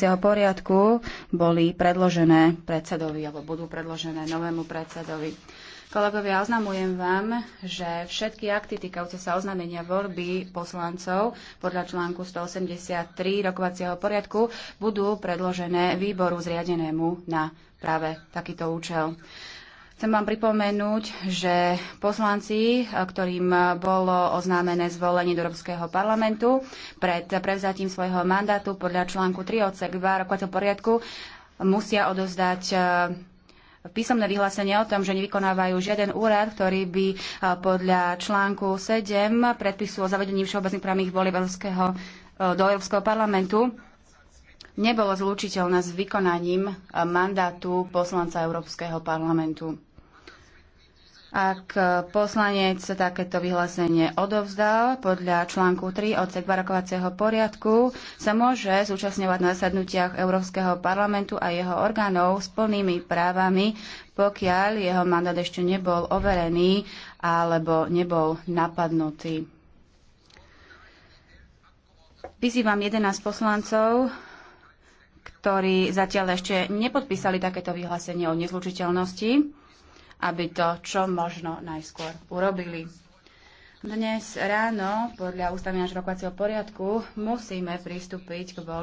rokovacieho poriadku boli predložené predsedovi alebo budú predložené novému predsedovi. Kolegovia, oznamujem vám, že všetky akty týkajúce sa oznámenia voľby poslancov podľa článku 183 rokovacieho poriadku budú predložené výboru zriadenému na práve takýto účel. Chcem vám pripomenúť, že poslanci, eh, ktorým bolo oznámené zvolenie do Európskeho parlamentu pred prevzatím svojho mandátu podľa článku 3 odsek 2 rokovacieho poriadku, musia odozdať eh, písomné vyhlásenie o tom, že nevykonávajú žiaden úrad, ktorý by eh, podľa článku 7 predpisu o zavedení všeobecných právnych volieb do Európskeho parlamentu nebolo zlučiteľné s vykonaním mandátu poslanca Európskeho parlamentu. Ak poslanec takéto vyhlásenie odovzdal podľa článku 3 odsek barokovacieho poriadku, sa môže zúčastňovať na zasadnutiach Európskeho parlamentu a jeho orgánov s plnými právami, pokiaľ jeho mandát ešte nebol overený alebo nebol napadnutý. Vyzývam 11 poslancov, ktorí zatiaľ ešte nepodpísali takéto vyhlásenie o nezlučiteľnosti aby to čo možno najskôr urobili. Dnes ráno podľa ústavy nášho rokovacieho poriadku musíme pristúpiť k voľ-